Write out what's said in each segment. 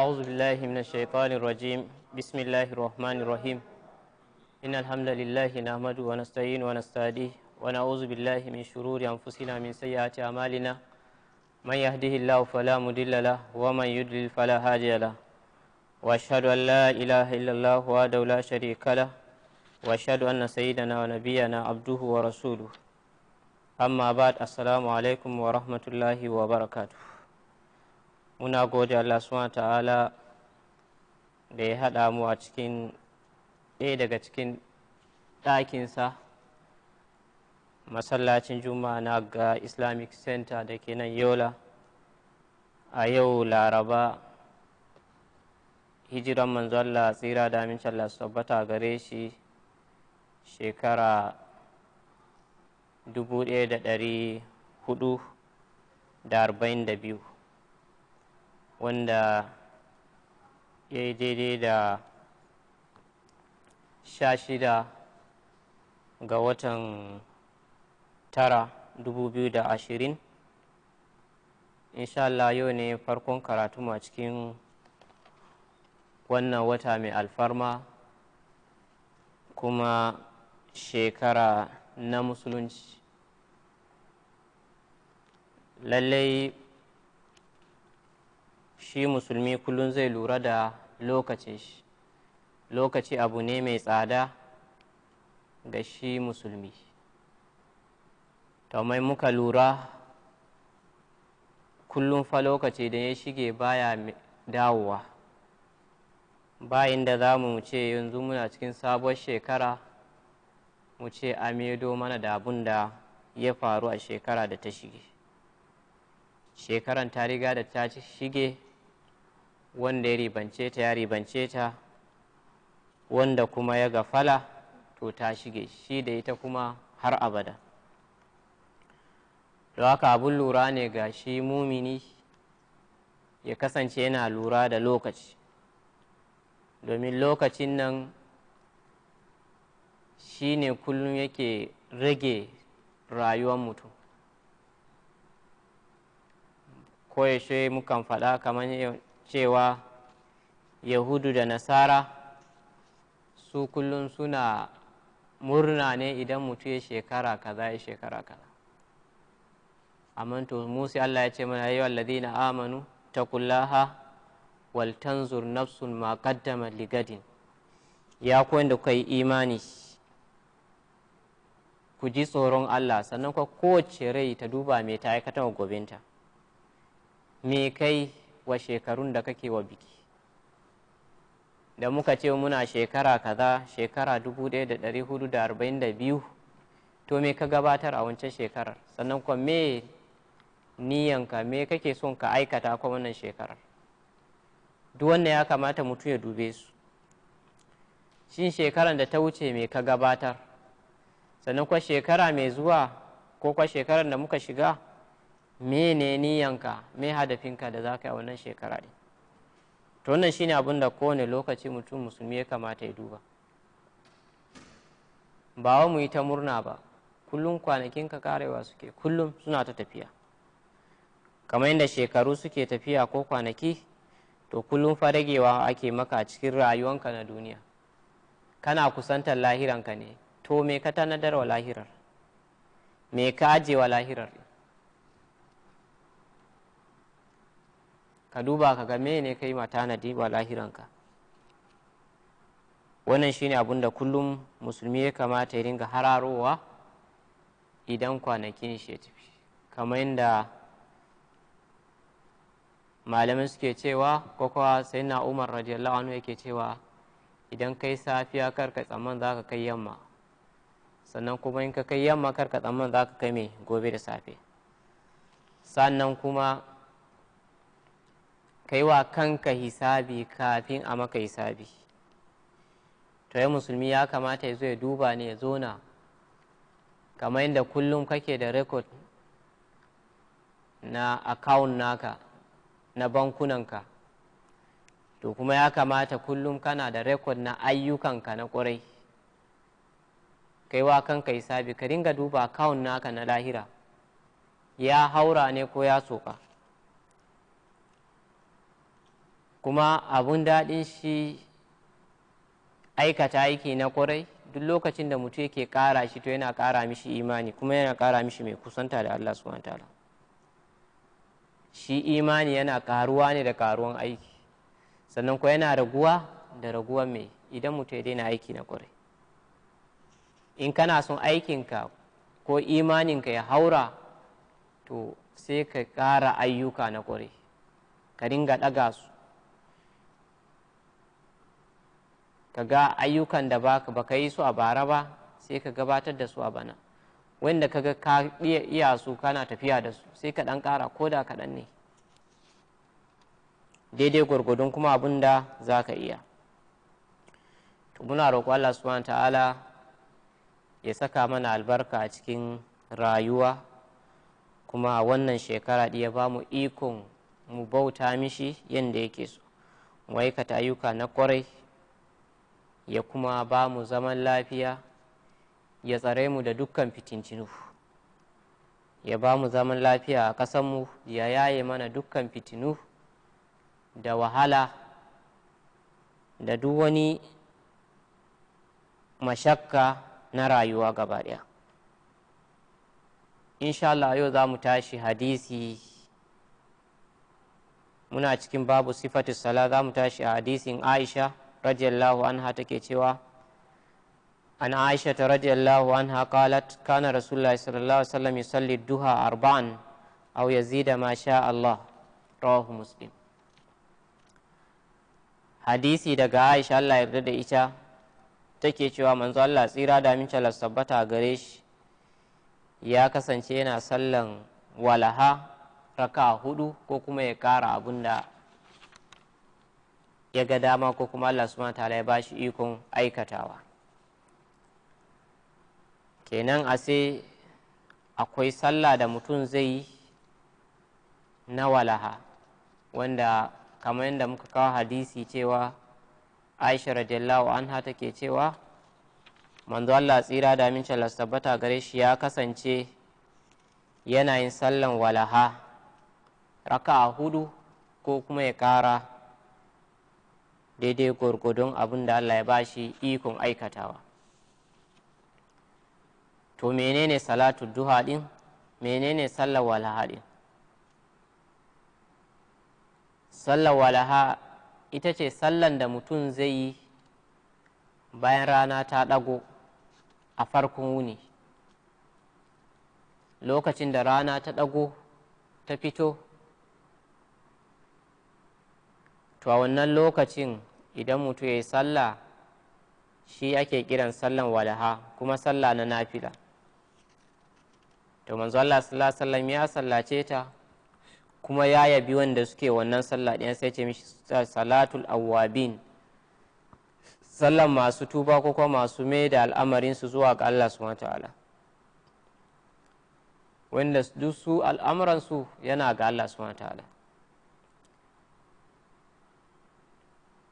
أعوذ بالله من الشيطان الرجيم بسم الله الرحمن الرحيم إن الحمد لله نحمده ونستعين ونستهديه ونعوذ بالله من شرور أنفسنا من سيئات أعمالنا من يهده الله فلا مضل له ومن يضلل فلا هادي له وأشهد أن لا إله إلا الله وحده لا شريك له وأشهد أن سيدنا ونبينا عبده ورسوله أما بعد السلام عليكم ورحمة الله وبركاته muna gode Allah subhanahu ta'ala da ya haɗa mu a cikin ɗaya daga cikin ɗakinsa masallacin juma'a na ga islamic center da ke nan yola a yau laraba hijiran manzo Allah tsira da amince Allah su tabbata gare shi shekara biyu. wanda ya yi daidai da sha shida ga watan tara dubu biyu da ashirin Allah yau ne farkon karatu a cikin wannan wata mai alfarma kuma shekara na musulunci lallai shi musulmi kullum zai lura da lokaci lokaci abu ne mai tsada ga shi musulmi mai muka lura kullum fa lokaci da ya shige baya dawowa bayan da za mu ce yanzu muna cikin sabuwar shekara mu ce a medo mana da abun da ya faru a shekara da ta shige shekaran ta riga da ta shige wanda ya ribance ta ya ribance ta wanda kuma ya gafala to ta shige shi da ita kuma har abada da haka abun lura ne ga shi mumini ya kasance yana lura da lokaci domin lokacin nan shi ne kullum yake rage rayuwar mutum koyaushe mukan faɗa kamar cewa yahudu da nasara su kullum suna murna ne idan mutu ya shekara kaza ya shekara kaza amma to mu Allah ya ce mana ayyuhal na amanu ta kullaha tanzur nafsun ma kaddama ligadin ya kuwan da kai imani ku ji tsoron Allah sannan kuma kowace rai ta duba mai ta aikata gobinta me kai wa shekarun da kake wa biki da muka ce muna shekara kaza shekara 1442 to me ka gabatar a wancan shekarar sannan kuma me niyanka me kake son ka aikata kwa wannan shekarar duk wannan ya kamata mutum ya dube su shin shekarar da ta wuce me ka gabatar sannan kwa shekara mai zuwa ko kwa shekarar da muka shiga mene niyanka me hadafinka da za ka yi a wannan shekara ɗin to wannan shine abin da kowane lokaci mutum musulmi ya kamata ya duba ba wa mu yi ta murna ba kullum kwanakin ka karewa suke kullum suna ta tafiya kamar yadda shekaru suke tafiya ko kwanaki to kullum faragewa ragewa ake maka cikin rayuwanka na duniya kana kusantar lahiranka ne to me ka tanadar wa lahirar me ka ajiye wa lahirar ka duba ka ga ne kai ma tanadi ba lahiranka wannan shine abin da kullum musulmi ya kamata ya ringa hararowa idan kwanakin shi ya tafi kamar yadda malamin suke cewa ko sai na umar radiyallahu anhu yake cewa idan kai safiya kar ka tsamman za ka kai yamma sannan kuma in ka kai yamma kar ka tsamman za ka kai mai gobe da safe sannan kuma ka yi wa kanka hisabi kafin a maka hisabi to yi musulmi ya kamata ya zo ya duba ne ya zona kamar yadda kullum kake da rekod na akawun naka na bankunanka to kuma ya kamata kullum kana da rekod na ayyukanka na kwarai kai wa kanka hisabi ka ringa duba akawun naka na lahira ya haura ne ko ya soka kuma abun daɗin shi aikata aiki na kwarai duk lokacin da mutum yake ƙara shi to yana ƙara mishi imani kuma yana ƙara mishi mai kusanta da Allah su ta'ala shi imani yana ƙaruwa ne da ƙaruwan aiki sannan ko yana raguwa da raguwa mai idan mutum ya daina aiki na kwarai in kana son aikinka ko imaninka ya haura to sai ka ƙara ayyuka na kwarai ka ringa ɗaga su ka ga ayyukan da ba ka yi su a bara ba sai ka gabatar da su a bana wanda ka ga ka iya su kana tafiya da su sai ka dan ƙara ko da kaɗan ne daidai gwargwadon kuma abin da za ka iya muna roƙo Allah subhanahu ta'ala ya saka mana albarka a cikin rayuwa kuma wannan shekara ɗaya ba mu ikon mu bauta mishi yadda yake so mu aikata ayyuka na kwarai ya kuma ba mu zaman lafiya ya tsare mu da dukkan fitintinu ya ba mu zaman lafiya a ƙasanmu ya yaye mana dukkan fitinu da wahala da duk wani mashakka na rayuwa gaba ɗaya Allah yau za mu tashi hadisi muna cikin babu sifatu sala za mu tashi a hadisin aisha radiyallahu anha take cewa an aisha ta radiyallahu anha qalat kana rasulullahi sallallahu alaihi wasallam yusalli duha arba'an aw yazida ma sha Allah rawahu muslim hadisi daga aisha Allah yarda da ita take cewa manzo Allah tsira da cala sabbata gare shi ya kasance yana sallan walaha raka hudu ko kuma ya kara abun ya ga dama ko kuma Allah su ta'ala ya shi ikon aikatawa kenan a sai akwai sallah da mutum zai yi na walaha wanda kamar yadda muka kawo hadisi cewa aisha radiyallahu anha take cewa manzo Allah tsira da amincin tabbata gare shi ya kasance yana yin sallan walaha raka'a hudu ko kuma ya kara daidai gwargwadon abin da Allah ya ba shi ikon aikatawa to menene salatu duha din menene sallar walaha din sallar walaha ita ce sallan da mutum zai yi bayan rana ta ɗago a farkon wuni lokacin da rana ta ɗago ta fito to a wannan lokacin idan mutum ya yi sallah shi ake kiran sallan walaha kuma sallah na nafila to manzo Allah sallallahu alaihi wasallam ya sallace ta kuma ya yabi wanda suke wannan sallah din sai ce mishi salatul awabin sallan masu tuba ko kuma masu mai da al'amarin su zuwa ga Allah subhanahu ta'ala wanda duk su yana ga Allah subhanahu ta'ala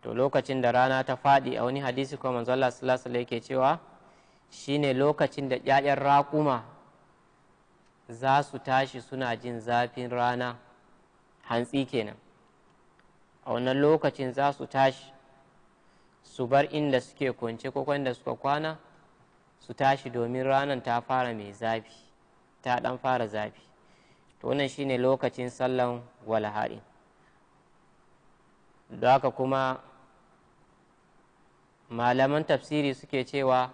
to lokacin da rana ta faɗi a wani hadisi kuma manzo Allah sallallahu yake cewa shine lokacin da ƴaƴan raƙuma za su tashi suna jin zafin rana hantsi kenan a wannan lokacin za su tashi su bar inda suke kwance ko kwanda suka kwana su tashi domin ranar ta fara mai zafi ta ɗan fara zafi to wannan shine lokacin sallan walahari da haka kuma malaman tafsiri suke cewa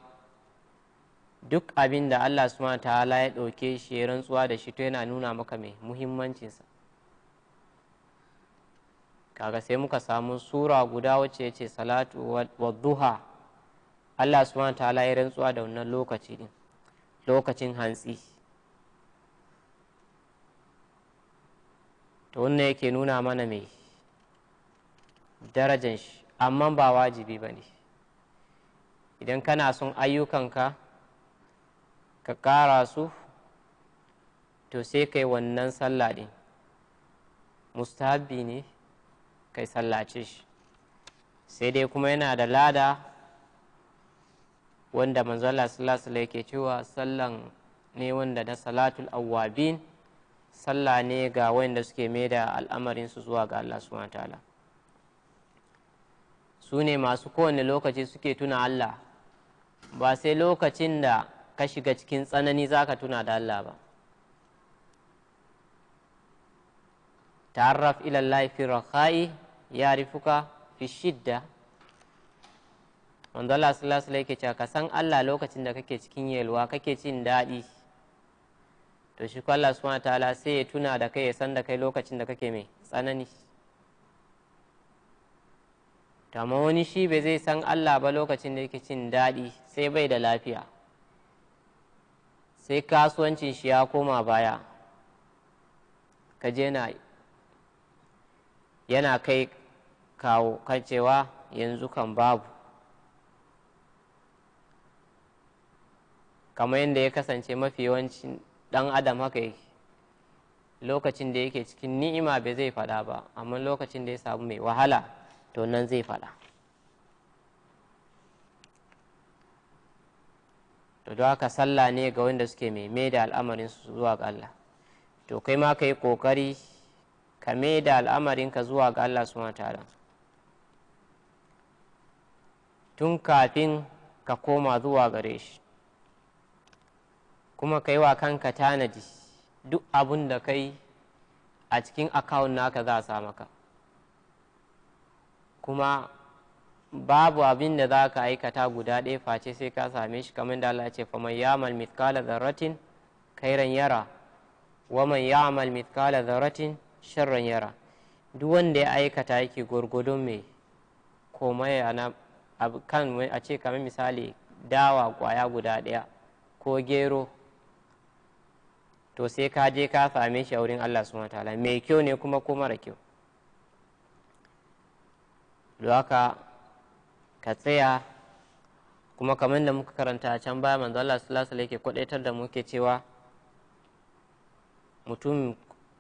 duk abin da Allah subhanahu ta'ala ya ɗauke shi ya rantsuwa da shi to yana nuna maka mai muhimmancinsa kaga sai muka samu sura guda wacce ya ce salatu wa duha Allah subhanahu ta'ala ya rantsuwa da wannan lokaci din lokacin hantsi to wannan yake nuna mana mai darajan shi amma ba wajibi ba ne idan kana son ayyukanka ka ƙara su to sai kai wannan sallah ɗin mustahabbi ne kai sallace shi sai dai kuma yana da lada wanda manzala sallasala yake cewa sallan ne wanda na salatul awwabin sallah ne ga wanda suke mai da al'amarinsu zuwa ga Allah subhanahu ta'ala su ne masu kowane lokaci suke tuna Allah ba sai lokacin da ka shiga cikin tsanani za ka tuna da Allah ba ta'arraf ila laifin fi ya ya'rifuka fi shidda wanda Allah su lasu laike cewa ka san Allah lokacin da kake cikin yalwa kake cin daɗi to shi ko Allah ta'ala sai ya tuna da kai ya san da kai lokacin da kake mai tsanani ta wani shi bai zai san Allah ba lokacin da yake cin daɗi sai bai da lafiya sai kasuwancin shi ya koma baya kaje na yana kai kawo kan cewa yanzu kan babu kamar yadda ya kasance mafi yawancin ɗan adam haka yake lokacin da yake cikin ni'ima bai zai faɗa ba amma lokacin da ya samu mai wahala to nan zai faɗa to don haka sallah ne ga wanda suke mai da al'amarin su zuwa ga Allah to kai ma ka yi ƙoƙari ka maida al'amarinka zuwa ga Allah su ta'ala tun kafin ka koma zuwa gare shi kuma ka wa kanka tanadi duk abun da kai a cikin akawun naka za a sa maka kuma babu abin da za ka aikata guda ɗaya face sai ka same shi kamar da Allah ce man ya'mal mithqala dharratin khairan yara wa man ya'mal mithqala dharratin sharran yara duk wanda ya aikata yake gwargwadon me komai ana kan a ce kamar misali dawa kwaya guda ɗaya ko gero to sai ka je ka same shi a wurin Allah subhanahu wataala mai kyau ne kuma ko mara kyau da haka ka tsaya kuma kamar da muka karanta a can baya manzo Allah sallallahu alaihi yake kwadaitar da muke cewa mutum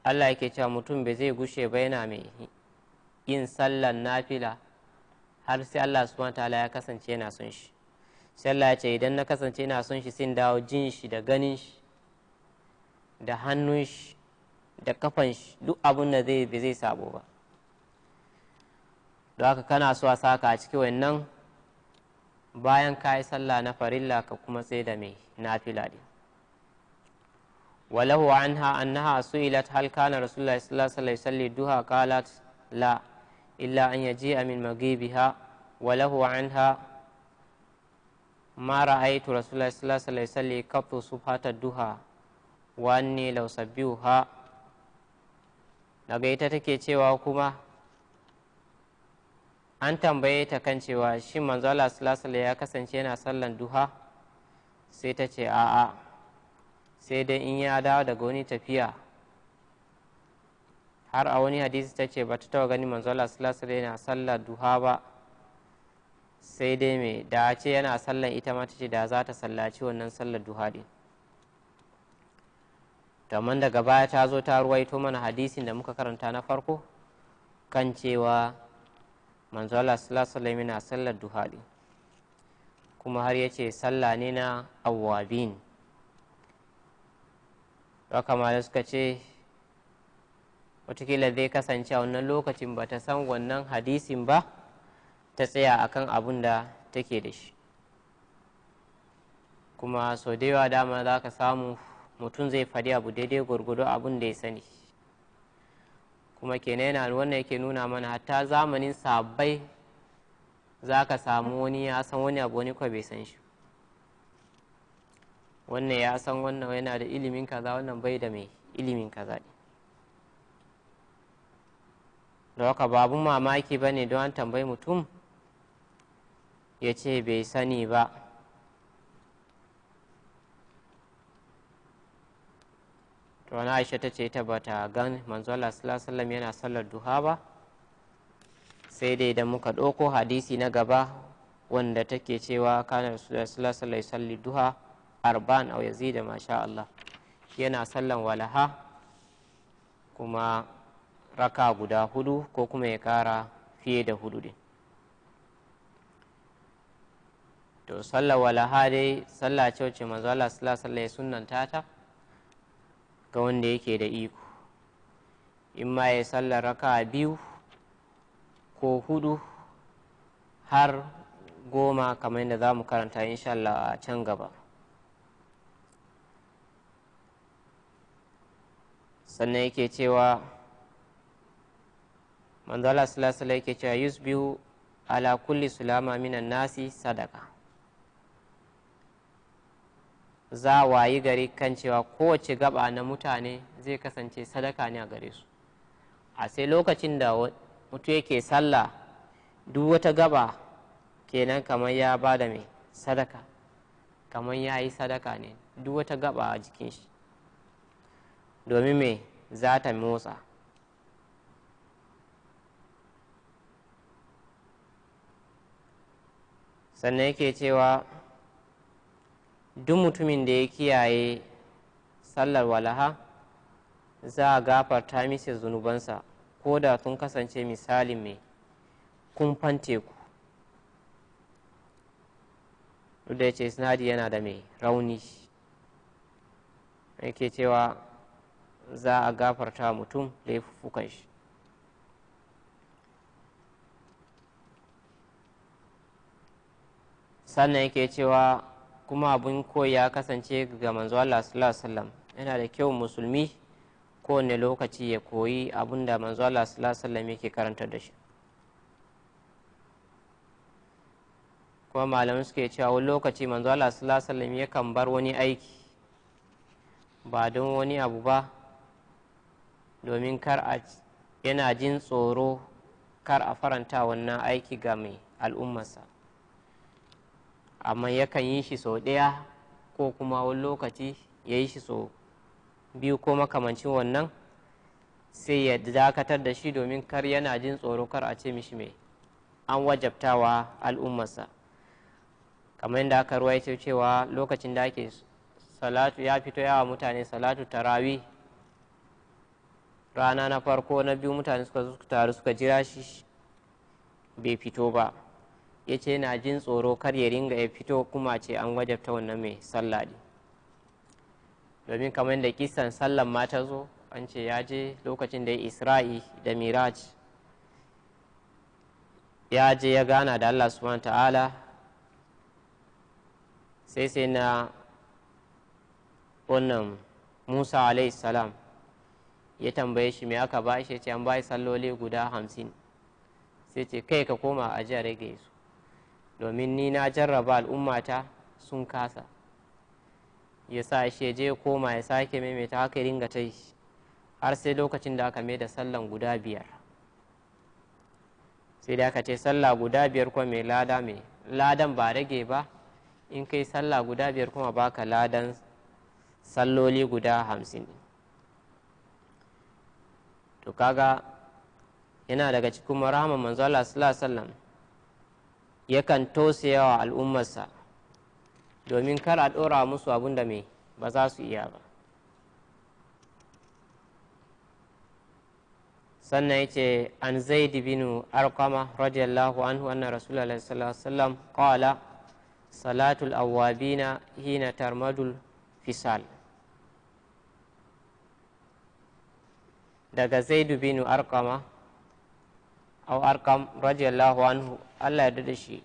Allah yake cewa mutum bai zai gushe ba yana mai yin sallan nafila har sai Allah subhanahu ta'ala ya kasance yana son shi sai Allah ya ce idan na kasance yana son shi sin dawo jin shi da ganin shi da hannun shi da kafan shi duk abin da zai bai zai sabo ba haka kana so a saka a ciki wannan bayan ka yi sallah na farilla ka kuma sai da mai na ladi. walahu anha annaha su'ilat hal kana rasulullahi sallallahu alaihi wasallam duha qalat la illa an yaji min magibiha walahu anha ma ra'aytu rasulullahi sallallahu alaihi wasallam kaftu sufata duha wa anni law sabbiha daga ita take cewa kuma an tambaye ta kan cewa shi manzo Allah sallallahu ya kasance yana sallan duha sai ta ce a'a sai dai in ya dawo daga wani tafiya har a wani hadisi ta ce ba ta taba gani manzo Allah sallallahu yana sallar duha ba sai dai me da ce yana sallan ita ma ta ce da za ta sallaci wannan sallar duha din domin daga baya ta zo ta ruwaito mana hadisin da muka karanta na farko kan cewa manzo Allah sallallahu alaihi sallar duha din kuma har yace sallah ne na awabin haka malai suka ce watakila zai kasance a wannan lokacin ba ta san wannan hadisin ba ta tsaya akan abun da take da shi kuma sau da yawa dama za ka samu mutum zai faɗi abu daidai gwargwado abun da ya sani kuma kenan yana wannan yake nuna mana hatta zamanin sabbai za ka samu wani ya san wani abu wani bai san shi wannan ya san wannan yana da ilimin kaza wannan bai da mai ilimin kaza ne da haka babu mamaki ba ne don an tambayi mutum ya ce bai sani ba to wani aisha ta ce ta bata gan manzo Allah sallallahu yana sallar duha ba sai dai idan muka ɗauko hadisi na gaba wanda take cewa kana rasulullah sallallahu alaihi salli duha arban aw yazid masha Allah yana sallan walaha kuma raka guda hudu ko kuma ya kara fiye da hudu din to sallar walaha dai sallah ce wacce manzo Allah sallallahu alaihi sunnanta ta ga wanda yake da iko in ma ya sallar raka biyu ko hudu har goma kamar yadda za mu karanta inshallah a can gaba sannan yake cewa manzala sulasula yake cewa yusbihu ala kulli sulama minan nasi sadaka za wayi gari kan cewa kowace gaba na mutane zai kasance sadaka ne a gare su a sai lokacin da mutu yake sallah duk wata gaba kenan kamar ya ba da mai sadaka kamar ya yi sadaka ne duk wata gaba a jikin shi domin mai za ta motsa sannan yake cewa duk mutumin da ya kiyaye sallar walaha za a gafarta mishi zunubansa ko da sun kasance misalin mai kumfan teku duk da ya ce sinadi yana da mai rauni yake cewa za a gafarta mutum laifuffukan shi sannan yake cewa kuma abin koyi ya kasance ga manzo Allah sallallahu alaihi wasallam yana da kyau musulmi kowane lokaci ya koyi abin da manzo Allah sallallahu alaihi wasallam yake karanta da shi kuma malamai suke cewa wani lokaci manzo Allah sallallahu alaihi wasallam yakan bar wani aiki ba don wani abu ba domin kar a yana jin tsoro kar a faranta wannan aiki ga mai al'ummarsa amma yakan yi shi sau ɗaya ko kuma wani lokaci ya yi shi sau biyu ko makamancin wannan sai ya dakatar da shi domin kar yana jin tsoro kar a ce mishi mai an wajabtawa al'ummarsa kamar yadda aka ce cewa lokacin da ake salatu ya fito yawa mutane salatu tarawi rana na farko na biyu mutane suka taru suka jira shi bai fito ba ya ce na jin tsoro kar ya ringa ya fito kuma ce an wajabta wannan mai sallah ne domin kamar da kisan sallan ma ta zo an ce ya je lokacin da ya isra'i da miraj ya je ya gana da allah subhanahu ta'ala sai sai na wannan musa alaihi salam ya tambaye shi me aka ba shi ya ce an bai salloli guda hamsin sai ce kai ka koma a rage su domin ni na jarraba al'ummata sun kasa ya sa shi je koma ya sake maimaita haka ringa ta yi har sai lokacin da aka da sallan guda biyar sai da aka ce sallah guda biyar kuma mai lada mai ladan ba rage ba in kai sallah guda biyar kuma baka ladan salloli guda hamsin to kaga yana daga cikin rahaman manzo Allah sallallahu alaihi wasallam yakan tausaya wa al'ummarsa domin kar a ɗora musu abin da mai ba za su iya ba sannan yace an zaid bin arqama radiyallahu anhu anna rasulullahi sallallahu alaihi wasallam qala salatul awabina hina tarmadul fisal daga zaid bin arqama au arkam radiyallahu anhu Allah ya da shi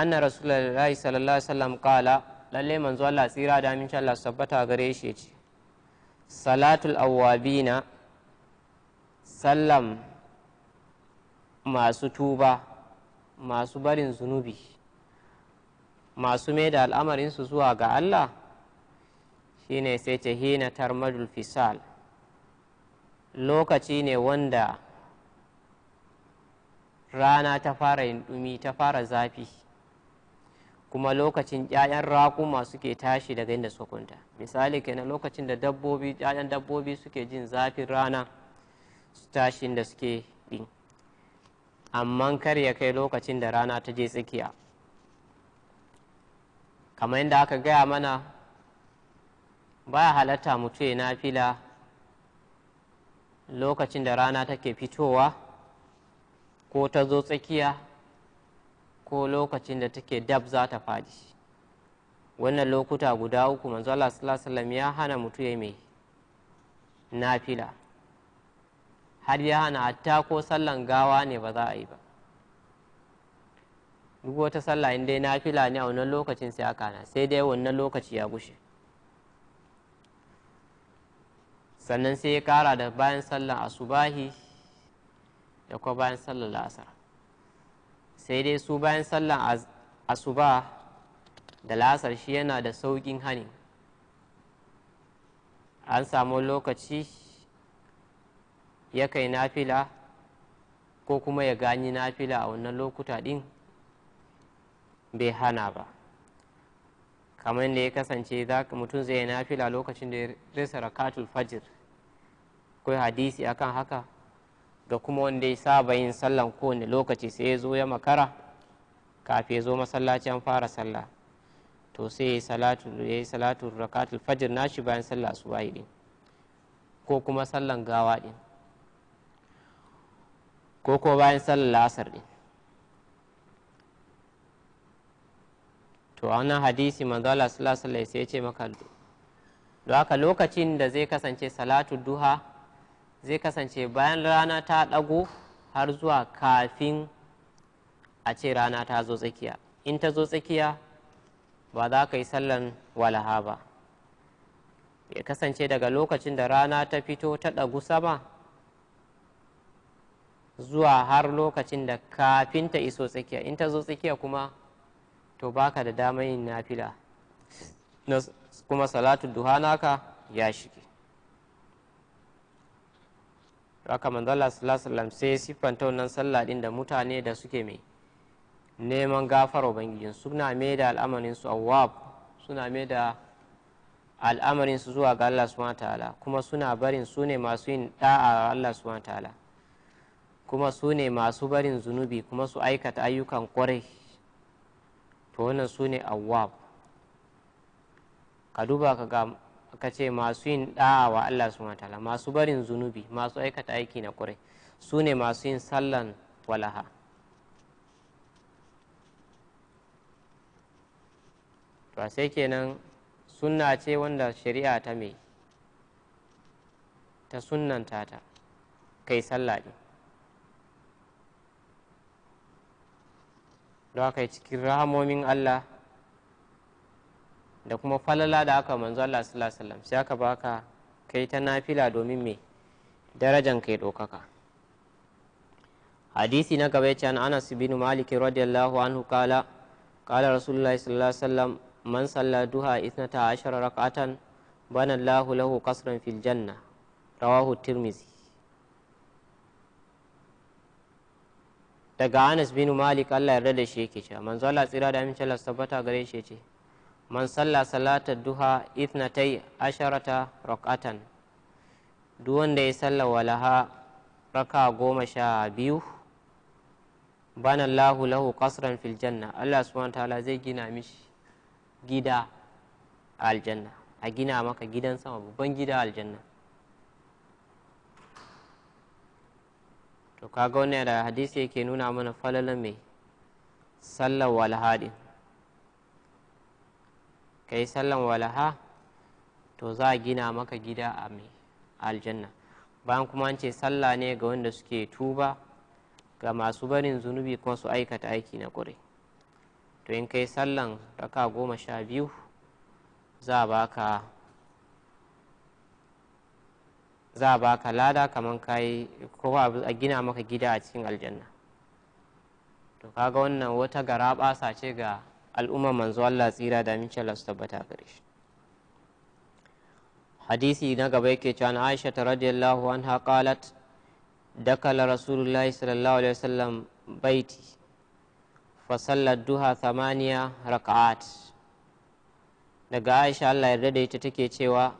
anna rasulullahi sallallahu alaihi wasallam kala lalle manzo Allah tsira da aminci Allah su tabbata shi ce salatul awwabina sallam masu tuba masu barin zunubi masu mai da al'amarinsu zuwa ga Allah shine sai ta hina tarmadul fisal lokaci ne wanda rana ta fara yin ɗumi ta fara zafi kuma lokacin 'ya'yan raƙuma suke tashi daga inda suka kwanta misali kenan lokacin da dabbobi 'ya'yan dabbobi suke jin zafin rana su tashi inda suke ɗin amma kar ya kai lokacin da rana ta je tsakiya kamar yadda aka gaya mana baya halatta mutu ya fila lokacin da rana take fitowa ko ta zo tsakiya ko lokacin da take dab za ta fadi wannan lokuta guda uku manzo Allah sallallahu alaihi ya hana mutu ya mai nafila har ya hana hatta ko sallan gawa ne ba za a yi ba duk wata sallah in dai nafila ne a wannan lokacin sai aka na sai dai wannan lokaci ya gushe sannan sai ya kara da bayan sallan asubahi da kuma bayan sallar la'asar sai dai su bayan sallar asuba da la'asar shi yana da sauƙin hani an samu lokaci ya kai nafila ko kuma ya gani nafila a wannan lokuta ɗin bai hana ba kamar da ya kasance mutum zai yi nafila lokacin da ya rasa rakatul fajir ko hadisi akan haka da kuma wanda ya saba yin sallan kowane lokaci sai ya zo ya makara kafin ya zo masallaci an fara sallah to sai ya yi salatu ya yi salatu rakatul fajr nashi bayan sallah asubahi din ko kuma sallan gawa din ko kuma bayan sallan la'asar din to a wannan hadisi manzo Allah sallallahu alaihi wasallam sai ya ce maka don haka lokacin da zai kasance salatu duha zai kasance bayan rana ta ɗago har zuwa kafin a ce rana ta zo tsakiya in ta zo tsakiya ba za ka yi sallan walaha ba ya kasance daga lokacin da rana ta fito ta ɗagu sama zuwa har lokacin da kafin ta iso tsakiya in ta zo tsakiya kuma to baka da damar yin nafila kuma salatu duha naka ya shige haka manzo Allah sallallahu alaihi wasallam sai siffanta wannan sallah din da mutane da suke mai neman gafara ubangijin suna mai da al'amarin su awwab suna mai da al'amarin su zuwa ga Allah subhanahu ta'ala kuma suna barin su ne masu yin da'a ga Allah subhanahu ta'ala kuma su ne masu barin zunubi kuma su aikata ayyukan kwarai to wannan su ne awwab ka duba ka ga ka ce masu yin da'a wa Allah su matala masu barin zunubi masu aikata aiki na kurai su ne masu yin sallan walaha to sai kenan sunna ce wanda shari'a ta mai ta sunnanta tata kai sallah ne don haka cikin rahamomin Allah da kuma falala da aka manzo Allah sallallahu alaihi wasallam sai aka baka kai ta nafila domin me darajan kai ɗaukaka hadisi na gaba yace an Anas bin Malik radiyallahu anhu kala kala rasulullahi sallallahu alaihi wasallam man salla duha isnata ashara rak'atan bana Allahu lahu qasran fil janna rawahu tirmizi daga anas bin malik allah yarda da shi yake cewa manzo allah tsira da amincin allah tabbata gare shi ce man salla salatar duha ifnatai asharata rak'atan duk wanda ya salla walaha raka goma sha biyu bana lahu lahu kasran fil Allah subhanahu Tala zai gina mishi gida a aljanna a gina maka gidan sama babban gida a aljanna to kaga wannan da hadisi yake nuna mana falalan mai sallar walhadin ka yi sallan walaha to za a gina maka gida a mai aljanna bayan kuma an ce salla ne ga wanda suke tuba ga masu barin zunubi kuma su aikata aiki na ƙure to in kai sallan raka goma sha biyu za a baka za a baka lada kamar yi ko a gina maka gida a cikin aljanna to kaga wannan wata garaɓasa ce ga al'umma manzo Allah tsira da aminci Allah su tabbata gare shi hadisi na gaba yake cewa an Aisha ta radiyallahu anha qalat dakala rasulullahi sallallahu alaihi wasallam baiti fa sallat duha thamaniya raka'at daga Aisha Allah yarda da ita take cewa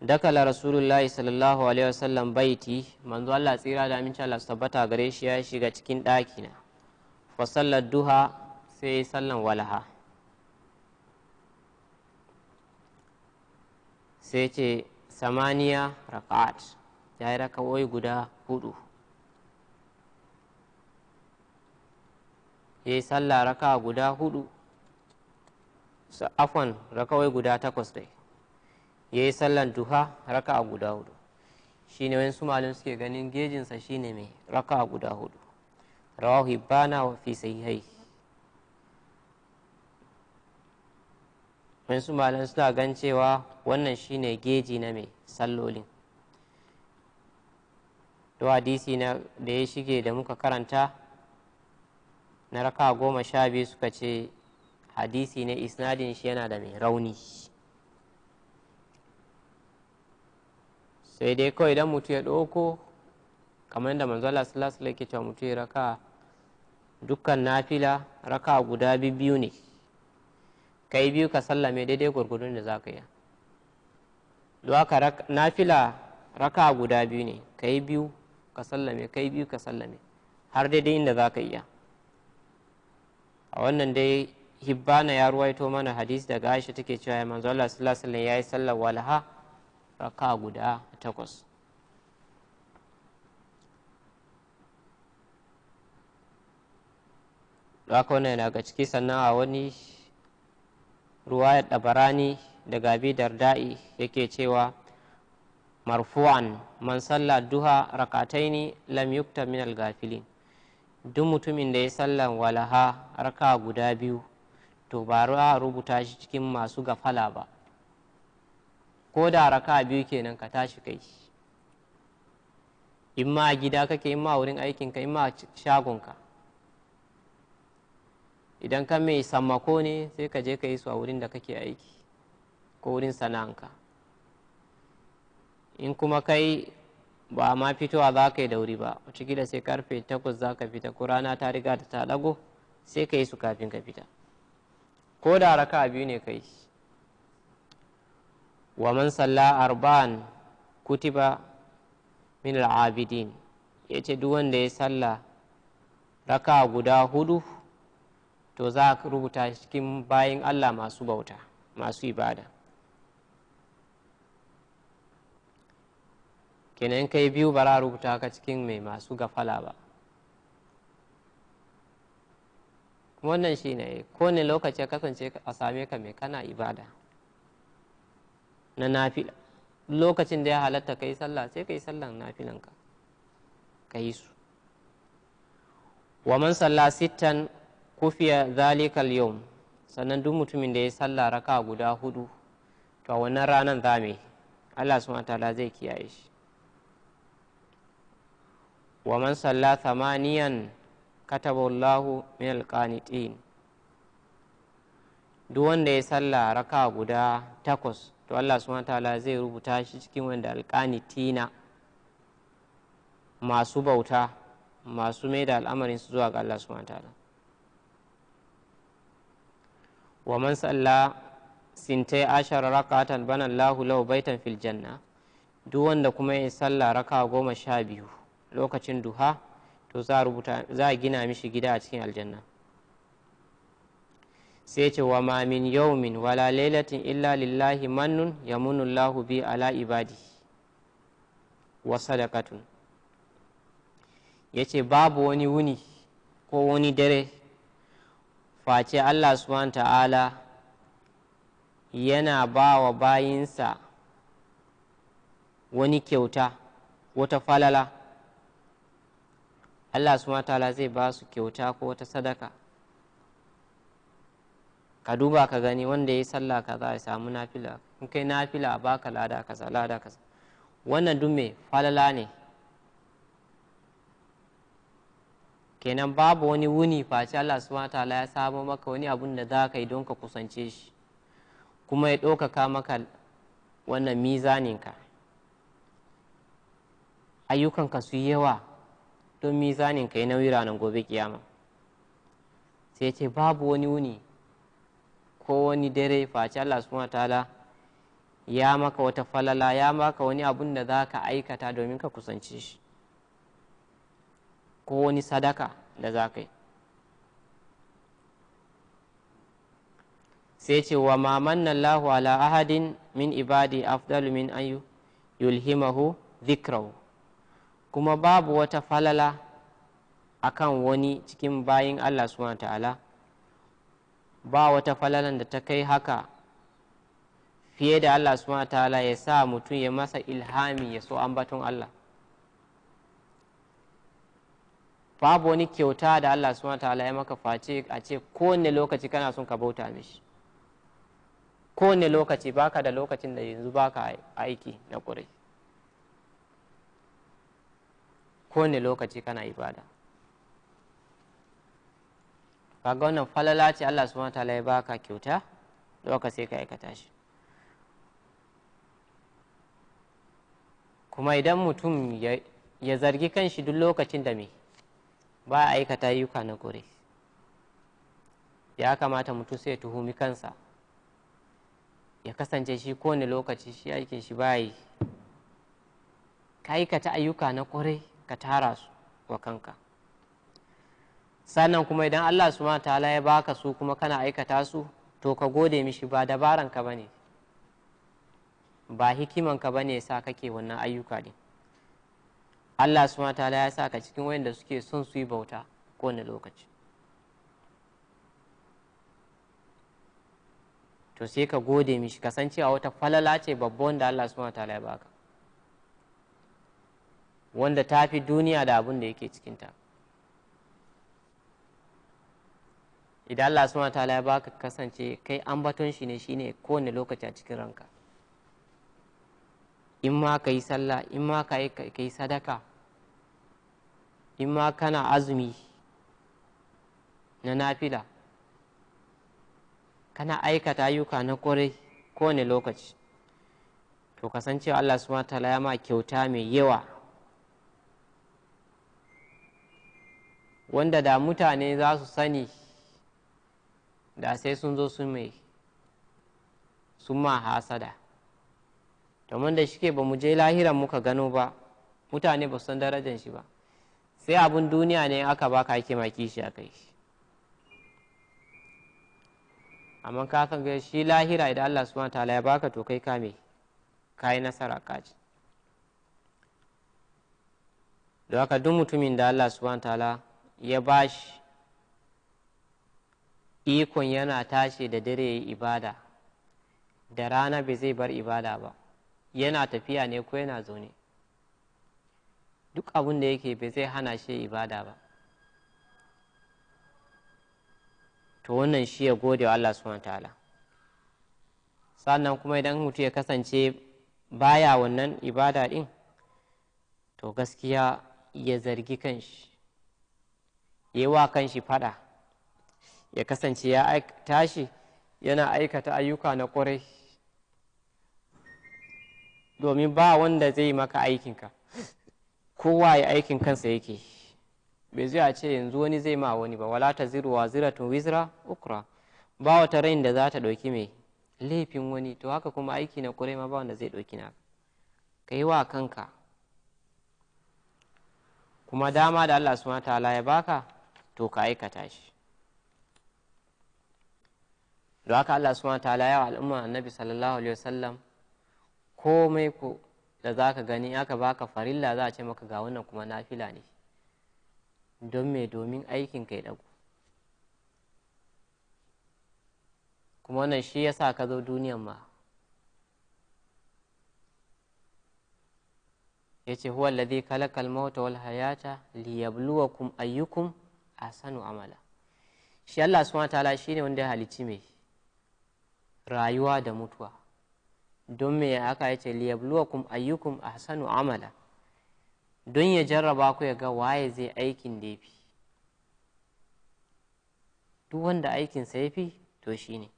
dakala rasulullahi sallallahu alaihi wasallam baiti manzo Allah tsira da aminci Allah su tabbata gare shi ya shiga cikin ɗakina wa sallar duha sai sallan walaha sai ce samaniya raka'at ya yi raka'o'i guda hudu ya yi sallah raka guda hudu afon raka'o'i guda takwas dai ya yi sallan duha raka guda hudu shine wani su malin suke ganin gejinsa shine mai raka guda hudu راغبانا fi sahihai wasu malam suna gan cewa wannan shine geji na mai sallolin to hadisi na da ya shige da muka karanta na raka goma sha biyu suka ce hadisi ne isnadin shi yana da mai rauni sai dai kawai idan mutu ya ɗauko kamar yadda manzo Allah sallallahu alaihi wasallam yake cewa mutum raka dukkan nafila raka guda biyu ne kai biyu ka sallame daidai gurgurun da zaka yi don nafila raka guda biyu ne kai biyu ka sallame kai biyu ka sallame har daidai inda zaka yi a wannan dai hibbana ya ruwaito mana hadis daga aisha take cewa manzo Allah sallallahu alaihi wasallam yayi sallar walha raka guda takwas haka wannan yana ga ciki sannan a wani ruwa ruwayar ɗabarani daga abi ya yake cewa marfu'an man sallah duha rakatai lam yukta min gafilin duk mutumin da ya sallar walaha raka guda biyu to ba a rubuta shi cikin masu gafala ba ko da raka biyu kenan ka tashi kai in ma a gida kake in ma wurin aikinka in ma a shagonka idan ka mai sammako ne sai ka je ka yi su a wurin da kake aiki ko wurin sana'anka in kuma kai ba ma fitowa za ka yi dauri ba wacce gida sai karfe takwas za ka fita ko rana ta riga da ta ɗago sai ka yi su kafin ka fita ko da raka biyu ne ka yi wa man salla arba'an kutiba min al'abidin ya ce duk wanda ya salla raka guda hudu to za ka rubuta cikin bayan allah masu bauta masu ibada kenan kai biyu ba rubuta ka cikin mai masu gafala ba wannan shi ne kowane lokaci kasance a same ka mai kana ibada na nafila lokacin da ya halatta ka yi sallah sai ka yi sallan nafilanka ka yi su wa man sallah sittan kufiya zalikal yau sannan duk mutumin da ya sallah raka guda hudu to a wannan ranar zame Allah subhanahu taala zai kiyaye shi wa man salla thamaniyan kataba Allahu min alqanitin duk wanda ya sallah raka guda takwas to Allah subhanahu taala zai rubuta shi cikin wanda alqanitina masu bauta masu mai da al'amarin su zuwa ga Allah subhanahu taala. wa man salla sintai ashara raka'atan banan Allahu lahu baitan fil janna duk wanda kuma ya sallah raka goma sha biyu lokacin duha to za a gina mishi gida a cikin aljanna sai ce wa ma min yaumin wala lailatin illa lillahi mannun ya Allahu bi ala ibadi wa Ya yace babu wani wuni ko wani dare face Allah subhanahu ta'ala yana ba wa bayinsa wani kyauta wata falala Allah subhanahu ta'ala zai ba su kyauta ko wata sadaka ka duba ka gani wanda ya yi sallah za a samu nafila in kai nafila a baka lada kaza lada kaza wannan dume falala ne kenan babu wani wuni face Allah su ta'ala ya samo maka wani abun da za ka yi don ka kusance shi kuma ya ɗaukaka maka wannan mizaninka ayyukanka su yawa don mizaninka ya nauyi ranar gobe kiyama sai ce babu wani wuni ko wani dare face Allah subhanahu ta'ala ya maka wata falala ya maka wani abun da za ka aikata domin ka kusance shi ko wani sadaka da za ka yi sai ce wa maman lahu ala ahadin min ibadi afdalu min an yulhimahu dhikrahu kuma babu wata falala akan wani cikin bayin Allah ta'ala ba wata falalan da ta kai haka fiye da Allah subhanahu ta'ala ya sa mutum ya masa ilhami ya so ambaton Allah babu wani kyauta da Allah subhanahu ta'ala ya maka face a ce kowane lokaci kana son ka bauta mishi kowane lokaci baka da lokacin da yanzu baka aiki na ƙurai kowane lokaci kana ibada kaga wannan falala ce Allah subhanahu ta'ala ya baka kyauta da sai ka aikata shi kuma idan mutum ya zargi kanshi duk lokacin da me ba aikata ayyuka na kure ya kamata mutum sai ya tuhumi kansa ya kasance shi kowane lokaci shi aikin shi bayi ka aikata ayyuka na kure ka tara su wa kanka sannan kuma idan allah su ta'ala ya baka su kuma kana aikata su to ka gode mishi ba dabaranka ba ne ba hikimanka ba ne sa kake wannan ayyuka ne Allah su subhanahu ta'ala ya saka cikin wayanda suke son su yi bauta kowane lokaci to sai ka gode mishi kasan cewa wata falala ce babba wanda Allah ma ta'ala ya baka wanda ta fi duniya da abin da yake cikinta idan Allah ma ta'ala ya baka kasance kai ambaton shi ne shine kowane lokaci a cikin ranka in ma ka yi sallah in ma ka yi sadaka in ma kana azumi na nafila kana aikata ayyuka na kwarai kowane lokaci to kasance Allah su ta'ala ya ma kyauta mai yawa wanda da mutane za su sani da sai sun zo su mai sun ma hasada domin da ke ba mu je lahiran muka gano ba mutane ba san darajar shi ba sai abun duniya ne aka baka ake maki shi a kai amma ka san ga shi lahira idan Allah subhanahu ta'ala ya baka to kai kame kai nasara kaji don haka duk mutumin da Allah subhanahu ta'ala ya bashi ikon yana tashi da dare ibada da rana bai zai bar ibada ba yana tafiya ne ko yana zaune duk abin da yake bai zai hana shi ibada ba to wannan shi ya gode wa Allah subhanahu ta'ala sannan kuma idan mutu ya kasance baya wannan ibada din to gaskiya ya zargi kanshi ya wa kanshi fada ya kasance ya tashi yana aikata ayyuka na ƙwarai domin ba wanda zai maka aikinka kowa ya aikin kansa yake bai zai a ce yanzu wani zai ma wani ba wala ta ziruwa ziratun wizra ukra ba wata rain da za ta ɗauki mai laifin wani to haka kuma aiki na ƙurai ma ba wanda zai ɗauki na ka yi wa kanka kuma dama da Allah su ta'ala ya baka to ka aikata shi da haka Allah su ta'ala ya wa al'umma annabi sallallahu alaihi wasallam komai ko da za ka gani aka baka farilla za a ce maka ga wannan kuma nafila ne don me domin aikin kai dago kuma wannan shi ya sa ka zo duniyan ma ya ce huwa alladhi kalakal al wal hayata liyabluwakum ayyukum ahsanu amala shi Allah subhanahu wa shi ne wanda ya halicci mai rayuwa da mutuwa don me aka yace liyabluwakum ayyukum ahsanu amala don ya jarraba ku ya ga waye zai aikin da yafi duk wanda aikin sa yafi to shine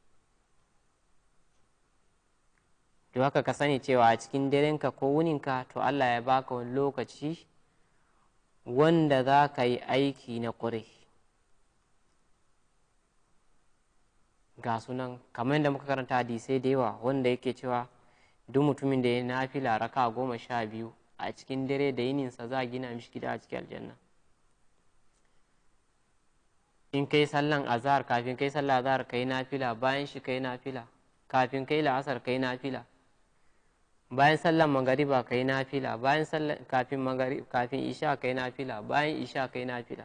to haka ka sani cewa a cikin ka ko wuninka to Allah ya baka wani lokaci wanda za ka yi aiki na ƙure ga sunan kamar yadda muka karanta hadisai da yawa wanda yake cewa duk mutumin da ya nafila raka goma sha biyu a cikin dare da yininsa za a gina mishi gida a cikin aljanna in kai sallan azhar kafin kai sallan azhar kai nafila bayan shi kai nafila kafin kai la'asar kai nafila bayan sallan magariba kai nafila bayan sallan kafin magarib kafin isha kai nafila bayan isha kai nafila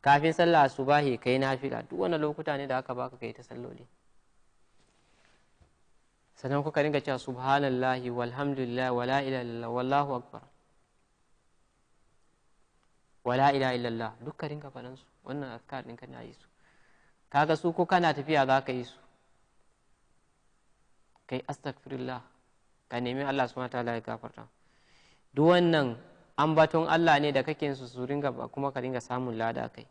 kafin sallah subahi kai nafila duk wani lokuta ne da aka baka kai ta salloli sannan kuka ringa cewa subhanallahi walhamdulillah wala ila illallah wallahu akbar wala ila illallah duka ringa faɗan su wannan azkar din kana yi su kaga su ko kana tafiya za ka yi su kai astaghfirullah ka nemi Allah subhanahu wataala ya gafarta duk wannan ambaton Allah ne da kake su su ringa kuma ka ringa samun lada kai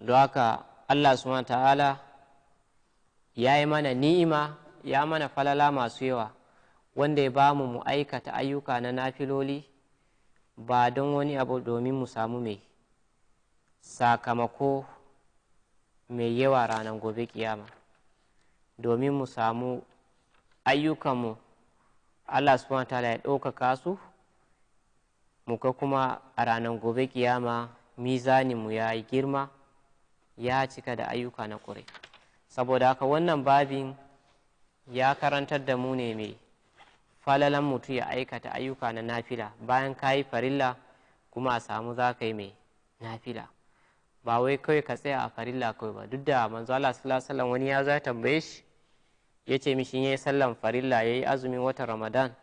don haka allah subhanahu ta'ala ya yi mana ni'ima ya mana falala masu yawa wanda ya ba mu aikata ayyuka na nafiloli ba don wani abu domin mu samu mai sakamako mai yawa ranar gobe kiyama domin mu samu ayyukanmu allah subhanahu ta'ala ya ɗaukaka su muka kuma a ranar gobe kiyama mizaninmu ya yi girma ya cika da ayyuka na kure saboda haka wannan babin ya karantar da mu ne mai falalan mutu ya aikata ayyuka na nafila bayan ka yi farilla kuma a samu za ka yi mai nafila ba wai kawai ka tsaya a farilla kawai ba duk da manzo Allah sallallahu alaihi wani ya za tambaye shi ya ce mishi yayi sallan farilla yayi azumin watan Ramadan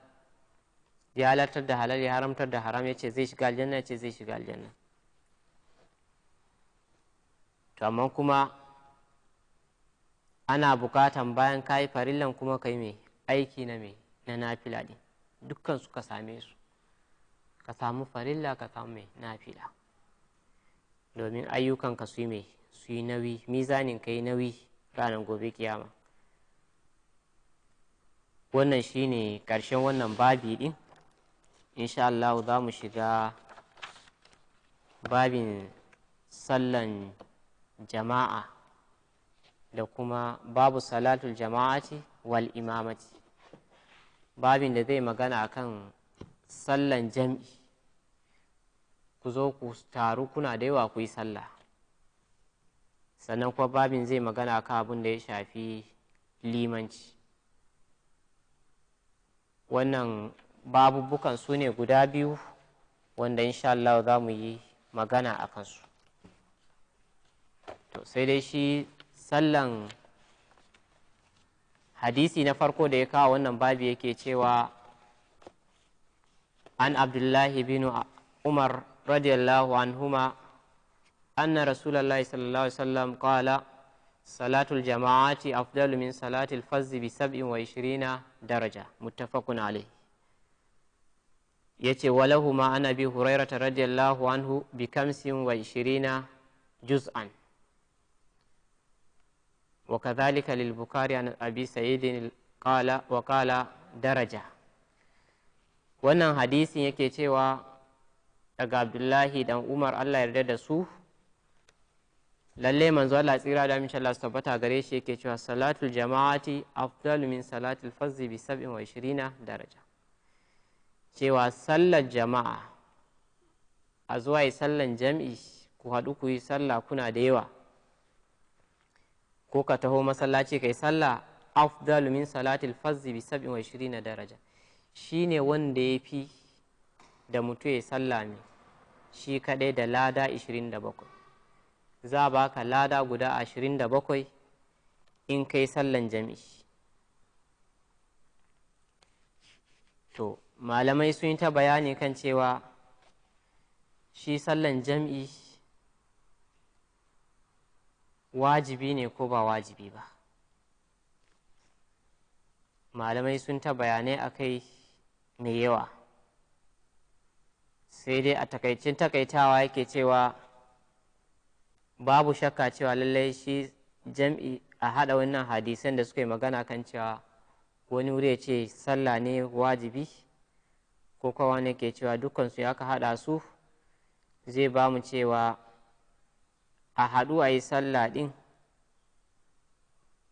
ya halartar da halal ya haramtar da haram ya ce zai shiga aljanna ya ce zai shiga aljanna to kuma ana bukatan bayan ka yi farillan kuma ka yi mai aiki na mai na nafila ne dukkan su ka same su ka samu farilla ka samu mai nafila domin ayyukan ka su yi mai su yi nauyi mizanin ka yi nauyi ranar gobe kiyama wannan shine ƙarshen wannan babi ɗin insha Allah za mu shiga babin sallan jama'a da kuma babu salatul jama'ati wal imamati babin da zai magana kan sallan jam'i ku zo ku taru kuna da yawa ku yi sallah sannan kuma babin zai magana akan abin da ya shafi limanci wannan babubukan su ne guda biyu wanda insha Allah za mu yi magana a kansu to sai dai shi sallan hadisi na farko da ya kawo wannan babi yake cewa an abdullahi bin umar radiyallahu anhuma anna rasulallahi sallallahu alaihi wasallam qala salatul jama'ati afdalu min salatil fazzi bi sab'in wa ishirina daraja muttafaqun alaihi yace walahu ma ana bi hurairata radiyallahu anhu bi kamsin wa ishirina juz'an وكذلك للبخاري عن ابي سعيد قال وقال درجه wannan hadisin yake cewa daga abdullahi dan umar allah yarda da su lalle manzo allah tsira da min Allah tabbata gare shi yake cewa salatul jama'ati afdal min salatul fazi bi 27 daraja cewa sallar jama'a a zuwa yi sallan jam'i ku haɗu ku yi sallah kuna da yawa ko ka taho masallaci kai sallah afdal min salatil fazzi bi 27 daraja shine wanda ya fi da mutu ya sallah ne shi kadai da lada 27 za ba ka lada guda 27 in kai sallan jam'i. to malamai sun yi ta bayani kan cewa shi sallan jam'i wajibi ne ko ba wajibi ba malamai sun ta bayanai akai kai mai yawa sai dai a takaicin takaitawa yake cewa babu shakka cewa lallai shi jam'i a haɗa wannan hadisan da suka yi magana kan cewa wani wuri ya ce sallah ne wajibi ko kowa ne ke cewa dukkansu ya ka haɗa su zai ba mu cewa a haɗu a yi sallah ɗin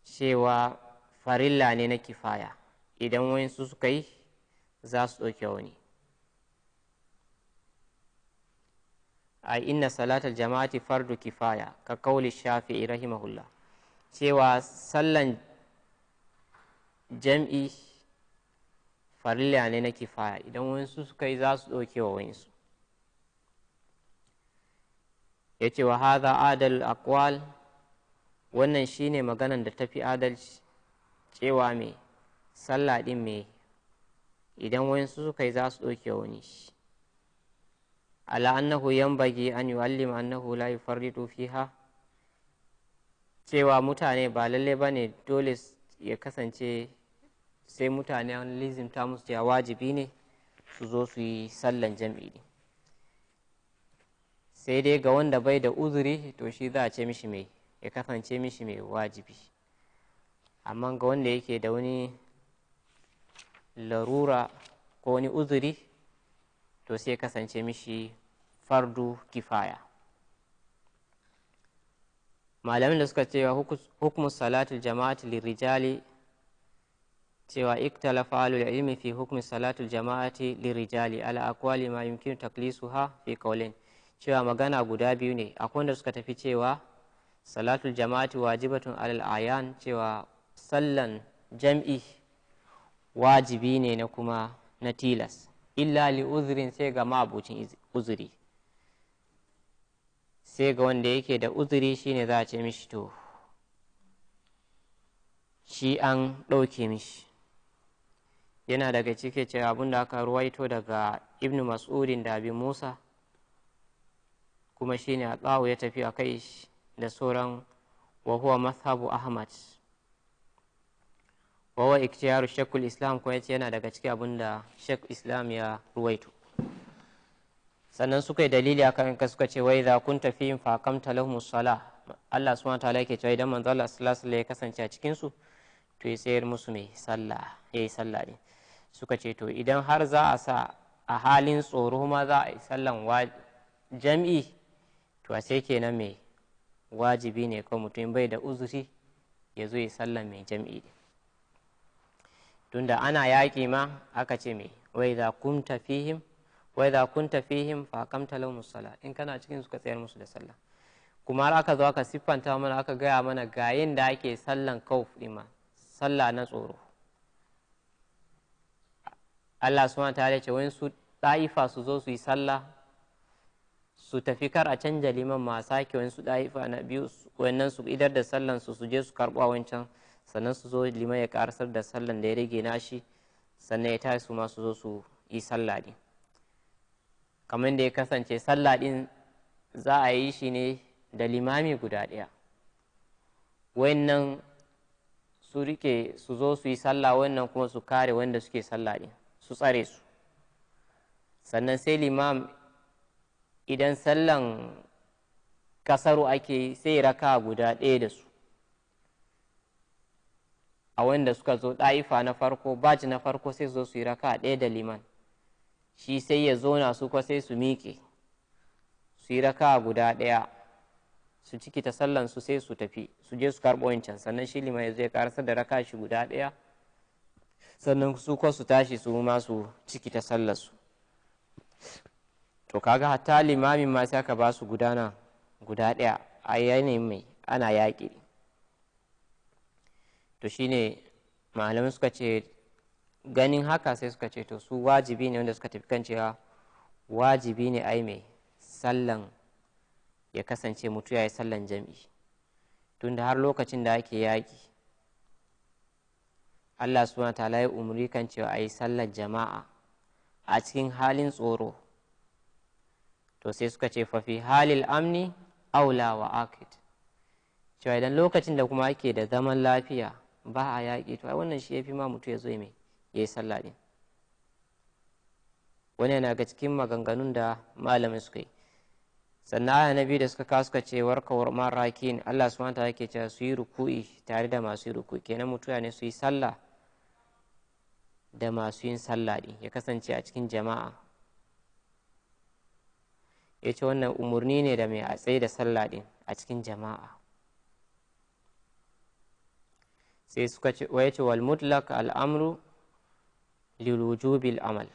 cewa farilla ne na kifaya idan wayansu suka yi za su ɗauke wani a inna salatar jama'ati fardu kifaya ka kauli shafi rahimahullah cewa sallan jam'i farilla ne na kifaya idan wayansu suka yi za su ɗauke wa wayansu ya ce wa haza adal akwal wannan shine maganan da tafi adalci cewa mai sallah ɗin mai idan su suka yi za su ɗauke wani shi ala annahu yanbaghi an annahu la yufarridu fiha cewa mutane ba lalle ba ne dole ya kasance sai mutane an lizimta musu ya wajibi ne su zo su yi sallan jam'i sai dai ga wanda bai da uzuri to shi za a ce mishi mai ya kasance mishi mai wajibi amma ga wanda yake da wani larura ko wani uzuri to sai kasance mishi fardu kifaya malamin da suka cewa hukumu salatul jama'atu lirijali cewa iktalafa alul ilmi fi hukmi salatul jama'ati lirijali ala Akwali ma yumkinu ha fi kaulin cewa magana guda biyu ne akwai wanda suka tafi cewa salatul jama'ati wajibatun alal ayan cewa sallan jam'i wajibi ne na kuma na tilas illa li uzurin sai ga ma'abucin uzuri sai ga wanda yake da uzuri shine za a ce mishi to shi an ɗauke mishi yana daga cike cewa abin da aka ruwaito daga Ibnu mas'udin da abin musa kuma shine tsawo ya tafi a kai da sauran wahuwa mashabu ahmad wa wa iktiyaru shakul islam kuma yace yana daga ciki abin da shakul islam ya ruwaito sannan suka yi dalili akan ka suka ce wai za kun tafi yin kamta lahum musala Allah subhanahu wataala yake cewa idan manzo Allah sallallahu alaihi ya kasance a cikin su to ya tsayar musu mai sallah yayi sallah ne suka ce to idan har za a sa a halin tsoro ma za a yi sallan jami'i to a sai kenan mai wajibi ne kawai mutum bai da uzuri ya zo ya sallan mai jam'i tunda ana yaƙi ma aka ce mai wai za kun tafihim wai za kun tafihim fa kamta lahu musala in kana cikin suka tsayar musu da sallah kuma har aka zo aka siffanta mana aka gaya mana ga da ake sallan kauf ma sallah na tsoro Allah subhanahu wa ta'ala ce wani su ɗa'ifa su zo su yi sallah su tafi kar a canja liman ma sake wani su ɗaifa na biyu wannan su idar da sallan su su je su karɓo a wancan sannan su zo liman ya karasar da sallan da ya rage nashi sannan ya tashi su ma su zo su yi sallah din kamar da ya kasance sallah din za a yi shi ne da limami guda ɗaya wannan su rike su zo su yi sallah wannan kuma su kare wanda suke sallah din su tsare su sannan sai limam idan sallan kasaru ake sai raka guda ɗaya da su a wanda suka zo ɗa'ifa na farko baji na farko sai zo su yi raka ɗaya da liman shi sai ya zona su kwa sai su miƙe su yi raka guda ɗaya su ciki ta sallan su sai su tafi su je su karɓo wancan sannan shi liman ya zo ya karasar da raka shi guda ɗaya sannan su kwa tashi su ma su ciki ta sallar su to kaga hatta limamin ma sai aka ba gudana guda ɗaya a yanayin mai ana yaki to shine malamin suka ce ganin haka sai suka ce to su wajibi ne wanda suka tafi kan cewa wajibi ne ai mai sallan ya kasance mutu ya yi sallan jam'i tunda har lokacin da ake yaƙi allah subhanahu ta'ala ya umri kan cewa a yi sallar jama'a a cikin halin tsoro to sai suka ce fafi halil amni aula wa akid cewa idan lokacin da kuma ake da zaman lafiya ba a yaƙi to ai wannan shi ya fi ma mutu ya zo mai ya yi sallah ɗin wani yana ga cikin maganganun da malamin suka yi sannan aya na biyu da suka kawo suka ce warkawar rakin. Allah subhanahu wataala ke cewa su yi ruku'i tare da masu yi ruku'i kenan mutuwa ne su yi sallah da masu yin sallah din ya kasance a cikin jama'a ya ce wannan umarni ne da mai a tsaye da sallah ɗin a cikin jama'a sai suka ce wa ya ce wal mutlaq al'amru lil amal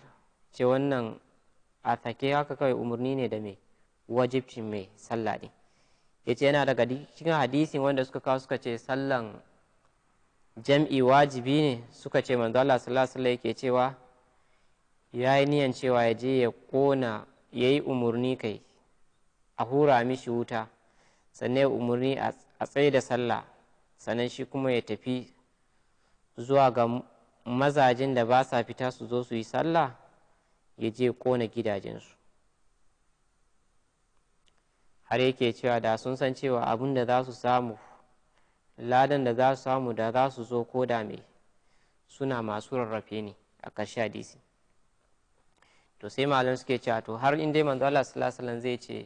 ce wannan a take haka kawai umarni ne da mai wajibcin mai sallah ɗin ya ce yana daga cikin hadisin wanda suka kawo suka ce sallan jam'i wajibi ne suka ce manzo Allah sallallahu alaihi yake cewa yayi yi niyan cewa ya je ya kona ya yi umarni kai a hura mishi wuta sannan ya umarni a tsaye da sallah sannan shi kuma ya tafi zuwa ga mazajin da ba sa fita su zo su yi sallah ya je kona gidajensu har yake cewa da sun san cewa abin da za su samu ladan da za su samu da za su zo ko da mai suna masu rarrafe ne a ƙarshe hadisi to sai malam suke cewa to har in dai manzo Allah sallallahu alaihi wasallam zai ce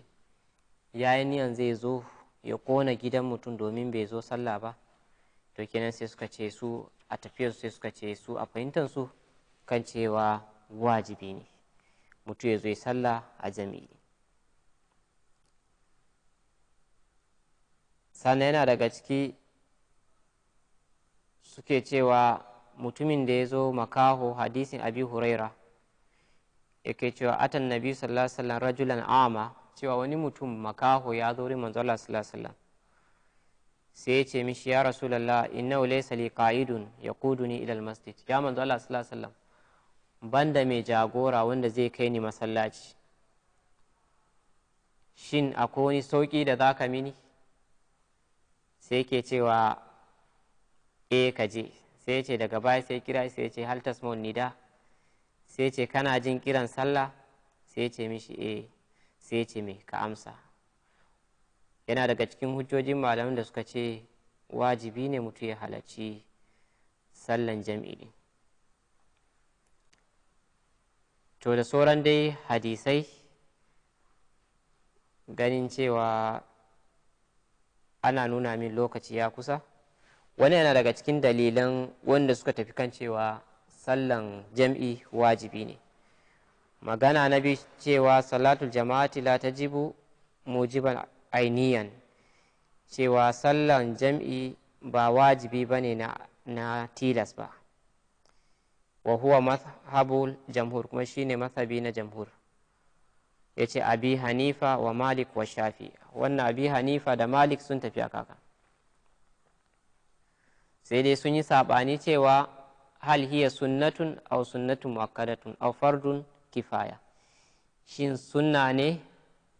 yayin niyan zai zo ya kona gidan mutum domin bai zo sallah ba to kenan sai suka ce su a tafiyar sai suka ce su a fahimtar su kan cewa wajibi ne mutum ya zo ya sallah a jami'i sannan yana daga ciki suke cewa mutumin da ya zo makaho hadisin abi huraira yake cewa atan nabi sallallahu alaihi wasallam rajulan ama cewa wani mutum makaho ya zo wurin manzo Allah sallallahu alaihi sai ya ce mishi ya rasulullah inna laysa li qa'idun yaquduni ila almasjid ya manzo Allah sallallahu alaihi wasallam banda mai jagora wanda zai kai ni masallaci shin akwai wani sauki da zaka mini sai ke cewa e ka je sai ce daga baya sai kira sai ce hal tasmun nida sai ce kana jin kiran sallah sai ce mishi eh sai ce me ka amsa yana daga cikin hujjojin malamin da suka ce wajibi ne mutu ya halarci sallan jam'i to da sauran dai hadisai ganin cewa ana nuna min lokaci ya kusa wani yana daga cikin dalilan wanda suka tafi kan cewa sallan jam'i wajibi ne magana na biyu cewa salatul jama'ati la jibu mujiban ainiyan cewa sallan jam'i ba wajibi ba ne na tilas ba wa huwa mazhabul jamhur kuma shine mazhabi na jamhur ya ce abi hanifa wa malik wa shafi wannan abi hanifa da malik sun tafi a kaka sai dai sun yi saɓani cewa hal hiya sunnatun aw sunnatun muakkadatun aw fardun kifaya shin sunna ne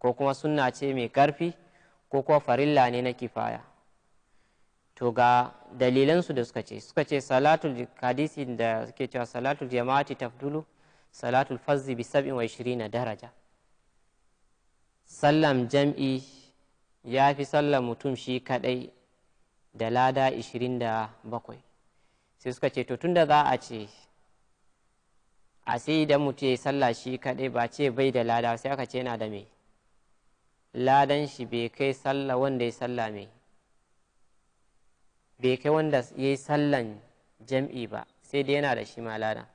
ko kuma sunna ce mai karfi ko kuma farilla ne na kifaya to ga dalilansu da suka ce suka ce salatul hadisi da suke cewa salatul jama'ati tafdulu salatul fazzi bi sab'in na daraja sallam jam'i ya fi sallam mutum shi kadai da lada 27 sai suka ce to tunda za a ce a sai idan mutu ya yi sallah shi kaɗai ba ce bai da lada sai aka ce yana da me ladan shi bai kai sallah wanda ya sallah mai bai kai wanda ya yi sallan jam'i ba sai dai yana da shi ma lada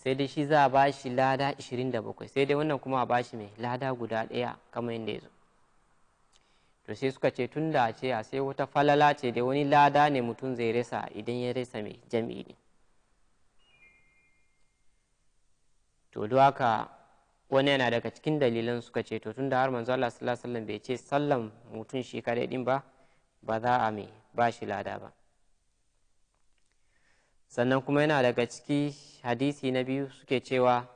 sai dai shi za a ba shi lada 27 sai dai wannan kuma a ba shi mai lada guda ɗaya kamar yadda ya zo to sai suka ce tun da ce a sai wata falala ce da wani lada ne mutum zai resa idan ya resa mai jami'i. ne to haka wani yana daga cikin dalilan suka ce to tun da har manzo Allah sallallahu alaihi wasallam bai ce sallam mutum shi kadai din ba ba za a mai ba shi lada ba sannan kuma yana daga ciki hadisi na biyu suke cewa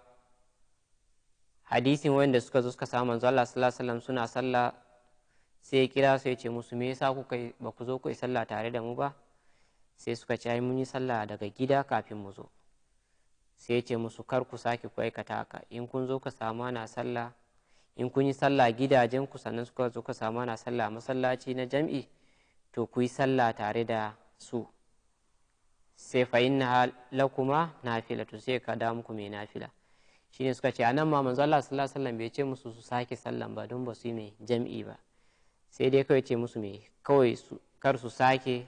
hadisin wanda suka zo suka samu manzo Allah sallallahu alaihi wasallam suna sallah sai ya kira su ya ce musu me yasa kuka ba ku zo ku yi sallah tare da mu ba sai suka ce ai mun yi sallah daga gida kafin mu zo sai ya ce musu kar ku sake ku aikata haka in kun zo ka samu na sallah in kun yi sallah gidajen ku sannan suka zo ka samu na sallah masallaci na jam'i to ku yi sallah tare da su sai fa inna lakuma nafila to sai ka da muku mai nafila shine suka ce anan ma manzo Allah sallallahu alaihi wasallam bai ce musu su sake sallan ba don ba su yi mai jam'i ba sai dai kawai ce musu mai kawai kar su sake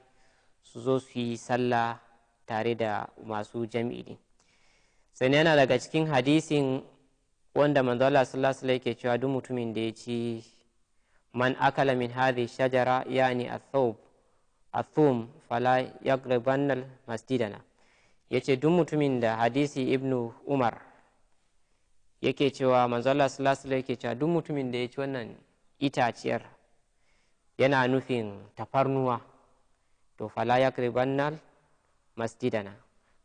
su zo su yi sallah tare da masu jam'i din sannan yana daga cikin hadisin wanda manzo Allah sallallahu alaihi yake cewa duk mutumin da ya ci man akala min hadhi shajara yani ni athum fala yaqrabanna masjidana yace duk mutumin da hadisi ibnu umar yake cewa manzo Allah sallallahu alaihi yake cewa duk mutumin da ya ci wannan itaciyar yana nufin tafarnuwa to fala ya kribanna masjidana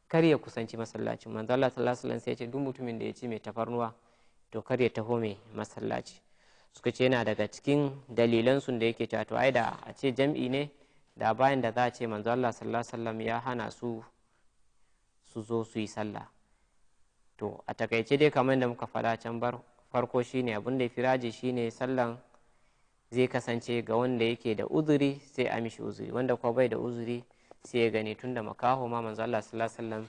kar ya kusanci masallaci manzo Allah sallallahu alaihi sai ya ce duk mutumin da ya ci mai tafarnuwa to kar ya taho mai masallaci suka ce yana daga cikin dalilan sun da yake cewa to ai da a ce jam'i ne da bayan da za a ce manzo Allah sallallahu alaihi wasallam ya hana su su zo su yi sallah to a takaice dai kamar da muka fada can bar farko shine abun da firaji shine sallan zai kasance ga wanda yake da uzuri sai a mishi uzuri wanda kuma bai da uzuri sai ya gani tun da makaho ma manzo Allah sallallahu alaihi wasallam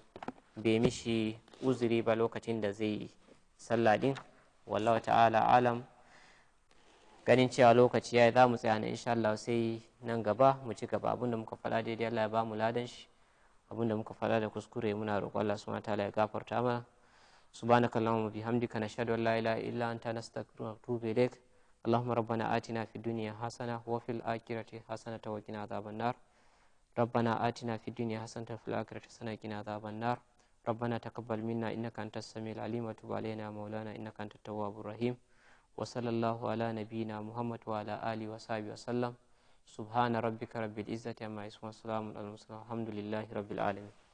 bai mishi uzuri ba lokacin da zai sallah din wallahu ta'ala alam ganin cewa lokaci yayi za mu tsaya ne insha Allah sai nan gaba mu ci gaba abinda muka faɗa daidai Allah ya ba mu ladan shi abinda muka faɗa da kuskure muna roƙon Allah subhanahu ta'ala ya gafarta mana subhanakallahumma bihamdika nashhadu an la ilaha illa anta nastaghfiruka wa atubu ilaik اللهم ربنا آتنا في الدنيا حسنة وفي الآخرة حسنة وقنا عذاب النار ربنا آتنا في الدنيا حسنة وفي الآخرة حسنة وقنا عذاب النار ربنا تقبل منا إنك أنت السميع العليم وتب علينا مولانا إنك أنت التواب الرحيم وصلى الله على نبينا محمد وعلى آله وصحبه وسلم سبحان ربك رب العزة عما يصفون وسلام على المرسلين الحمد لله رب العالمين